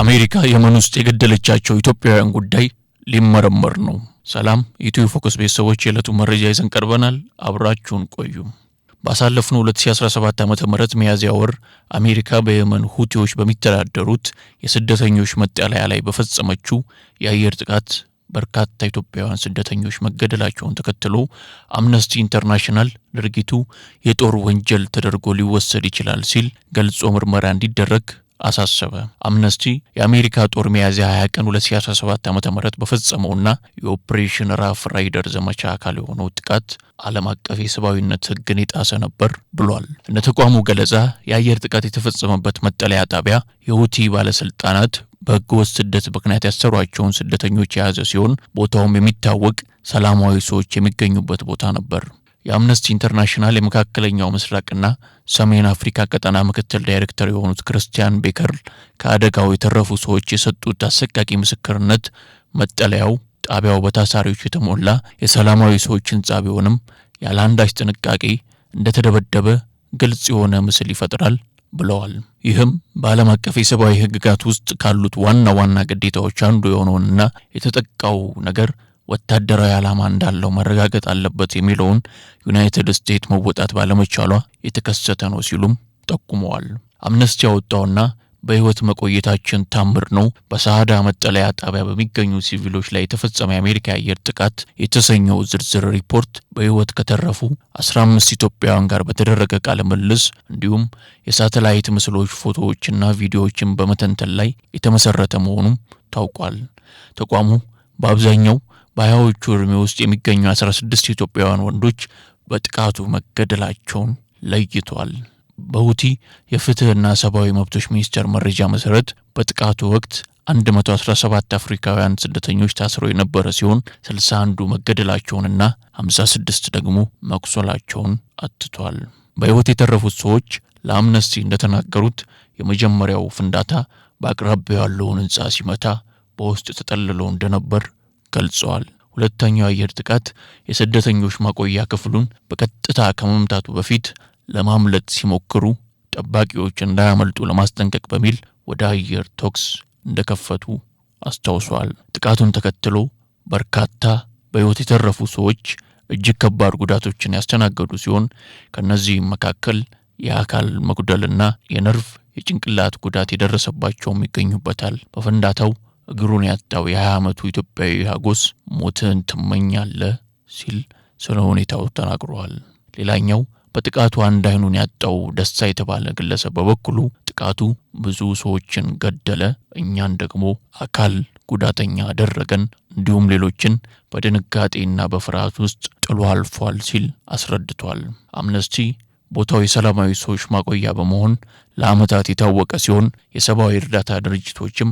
አሜሪካ የመን ውስጥ የገደለቻቸው ኢትዮጵያውያን ጉዳይ ሊመረመር ነው። ሰላም ኢትዮ ፎከስ ቤተሰቦች፣ የዕለቱ መረጃ ይዘን ቀርበናል። አብራችሁን ቆዩ። ባሳለፍነው 2017 ዓ ም ሚያዝያ ወር አሜሪካ በየመን ሁቲዎች በሚተዳደሩት የስደተኞች መጠለያ ላይ በፈጸመችው የአየር ጥቃት በርካታ ኢትዮጵያውያን ስደተኞች መገደላቸውን ተከትሎ አምነስቲ ኢንተርናሽናል ድርጊቱ የጦር ወንጀል ተደርጎ ሊወሰድ ይችላል ሲል ገልጾ ምርመራ እንዲደረግ አሳሰበ። አምነስቲ የአሜሪካ ጦር ሚያዝያ 20 ቀን 2017 ዓ ም በፈጸመውና የኦፕሬሽን ራፍ ራይደር ዘመቻ አካል የሆነው ጥቃት ዓለም አቀፍ የሰብአዊነት ሕግን የጣሰ ነበር ብሏል። እንደ ተቋሙ ገለጻ የአየር ጥቃት የተፈጸመበት መጠለያ ጣቢያ የሁቲ ባለስልጣናት በሕገወጥ ስደት ምክንያት ያሰሯቸውን ስደተኞች የያዘ ሲሆን ቦታውም የሚታወቅ ሰላማዊ ሰዎች የሚገኙበት ቦታ ነበር። የአምነስቲ ኢንተርናሽናል የመካከለኛው ምስራቅና ሰሜን አፍሪካ ቀጠና ምክትል ዳይሬክተር የሆኑት ክርስቲያን ቤከርል ከአደጋው የተረፉ ሰዎች የሰጡት አሰቃቂ ምስክርነት መጠለያው ጣቢያው በታሳሪዎች የተሞላ የሰላማዊ ሰዎች ሕንፃ ቢሆንም ያለ አንዳች ጥንቃቄ እንደተደበደበ ግልጽ የሆነ ምስል ይፈጥራል ብለዋል። ይህም በዓለም አቀፍ የሰብአዊ ህግጋት ውስጥ ካሉት ዋና ዋና ግዴታዎች አንዱ የሆነውንና የተጠቃው ነገር ወታደራዊ ዓላማ እንዳለው መረጋገጥ አለበት የሚለውን ዩናይትድ ስቴትስ መወጣት ባለመቻሏ የተከሰተ ነው ሲሉም ጠቁመዋል። አምነስቲ ያወጣውና በሕይወት መቆየታችን ታምር ነው በሳህዳ መጠለያ ጣቢያ በሚገኙ ሲቪሎች ላይ የተፈጸመ የአሜሪካ የአየር ጥቃት የተሰኘው ዝርዝር ሪፖርት በሕይወት ከተረፉ 15 ኢትዮጵያውያን ጋር በተደረገ ቃለ ምልልስ እንዲሁም የሳተላይት ምስሎች፣ ፎቶዎችና ቪዲዮዎችን በመተንተን ላይ የተመሰረተ መሆኑም ታውቋል። ተቋሙ በአብዛኛው በሀያዎቹ ዕድሜ ውስጥ የሚገኙ 16 ኢትዮጵያውያን ወንዶች በጥቃቱ መገደላቸውን ለይቷል። በሁቲ የፍትህና ሰብአዊ መብቶች ሚኒስቴር መረጃ መሰረት በጥቃቱ ወቅት 117 አፍሪካውያን ስደተኞች ታስረው የነበረ ሲሆን 61ዱ መገደላቸውንና 56 ደግሞ መቁሰላቸውን አትቷል። በሕይወት የተረፉት ሰዎች ለአምነስቲ እንደተናገሩት የመጀመሪያው ፍንዳታ በአቅራቢያው ያለውን ሕንፃ ሲመታ በውስጥ ተጠልለው እንደነበር ገልጸዋል። ሁለተኛው የአየር ጥቃት የስደተኞች ማቆያ ክፍሉን በቀጥታ ከመምታቱ በፊት ለማምለጥ ሲሞክሩ ጠባቂዎች እንዳያመልጡ ለማስጠንቀቅ በሚል ወደ አየር ተኩስ እንደከፈቱ አስታውሷል። ጥቃቱን ተከትሎ በርካታ በሕይወት የተረፉ ሰዎች እጅግ ከባድ ጉዳቶችን ያስተናገዱ ሲሆን ከእነዚህም መካከል የአካል መጉደልና የነርቭ የጭንቅላት ጉዳት የደረሰባቸውም ይገኙበታል። በፍንዳታው እግሩን ያጣው የ የሀያ ዓመቱ ኢትዮጵያዊ ሀጎስ ሞትን ትመኛለህ ሲል ስለ ሁኔታው ተናግረዋል። ሌላኛው በጥቃቱ አንድ አይኑን ያጣው ደስታ የተባለ ግለሰብ በበኩሉ ጥቃቱ ብዙ ሰዎችን ገደለ፣ እኛን ደግሞ አካል ጉዳተኛ አደረገን፣ እንዲሁም ሌሎችን በድንጋጤና በፍርሃት ውስጥ ጥሎ አልፏል ሲል አስረድቷል። አምነስቲ ቦታው የሰላማዊ ሰዎች ማቆያ በመሆን ለዓመታት የታወቀ ሲሆን የሰብአዊ እርዳታ ድርጅቶችም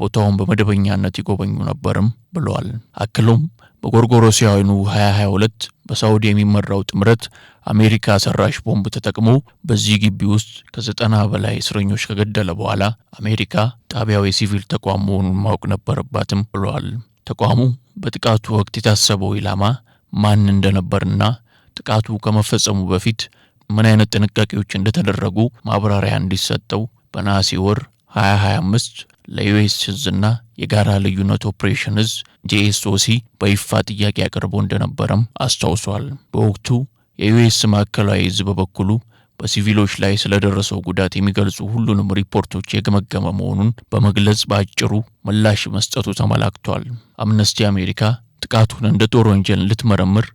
ቦታውን በመደበኛነት ይጎበኙ ነበርም ብለዋል። አክሎም በጎርጎሮሳውያኑ 2022 በሳውዲ የሚመራው ጥምረት አሜሪካ ሰራሽ ቦምብ ተጠቅሞ በዚህ ግቢ ውስጥ ከዘጠና በላይ እስረኞች ከገደለ በኋላ አሜሪካ ጣቢያው የሲቪል ተቋም መሆኑን ማወቅ ነበረባትም ብለዋል። ተቋሙ በጥቃቱ ወቅት የታሰበው ኢላማ ማን እንደነበርና ጥቃቱ ከመፈጸሙ በፊት ምን አይነት ጥንቃቄዎች እንደተደረጉ ማብራሪያ እንዲሰጠው በነሐሴ ወር 2025 ለዩኤስ እዝና የጋራ ልዩነት ኦፕሬሽን እዝ ጄኤስኦሲ በይፋ ጥያቄ አቅርቦ እንደነበረም አስታውሷል። በወቅቱ የዩኤስ ማዕከላዊ እዝ በበኩሉ በሲቪሎች ላይ ስለደረሰው ጉዳት የሚገልጹ ሁሉንም ሪፖርቶች የገመገመ መሆኑን በመግለጽ በአጭሩ ምላሽ መስጠቱ ተመላክቷል። አምነስቲ አሜሪካ ጥቃቱን እንደ ጦር ወንጀል እንድትመረምር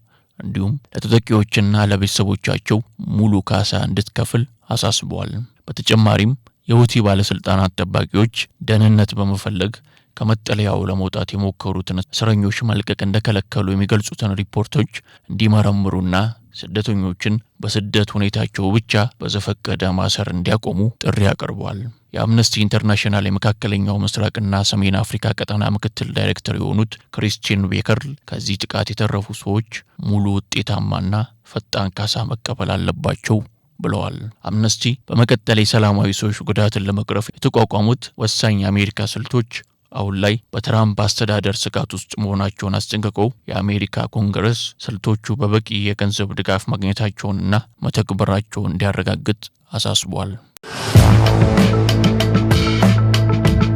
እንዲሁም ለተጠቂዎችና ለቤተሰቦቻቸው ሙሉ ካሳ እንድትከፍል አሳስቧል። በተጨማሪም የሁቲ ባለሥልጣናት ጠባቂዎች ደህንነት በመፈለግ ከመጠለያው ለመውጣት የሞከሩትን እስረኞች መልቀቅ እንደከለከሉ የሚገልጹትን ሪፖርቶች እንዲመረምሩና ስደተኞችን በስደት ሁኔታቸው ብቻ በዘፈቀደ ማሰር እንዲያቆሙ ጥሪ አቅርቧል። የአምነስቲ ኢንተርናሽናል የመካከለኛው ምስራቅና ሰሜን አፍሪካ ቀጠና ምክትል ዳይሬክተር የሆኑት ክሪስቲን ቤከርል ከዚህ ጥቃት የተረፉ ሰዎች ሙሉ ውጤታማና ፈጣን ካሳ መቀበል አለባቸው ብለዋል። አምነስቲ በመቀጠል የሰላማዊ ሰዎች ጉዳትን ለመቅረፍ የተቋቋሙት ወሳኝ የአሜሪካ ስልቶች አሁን ላይ በትራምፕ አስተዳደር ስጋት ውስጥ መሆናቸውን አስጠንቅቀው የአሜሪካ ኮንግረስ ስልቶቹ በበቂ የገንዘብ ድጋፍ ማግኘታቸውንና መተግበራቸውን እንዲያረጋግጥ አሳስቧል።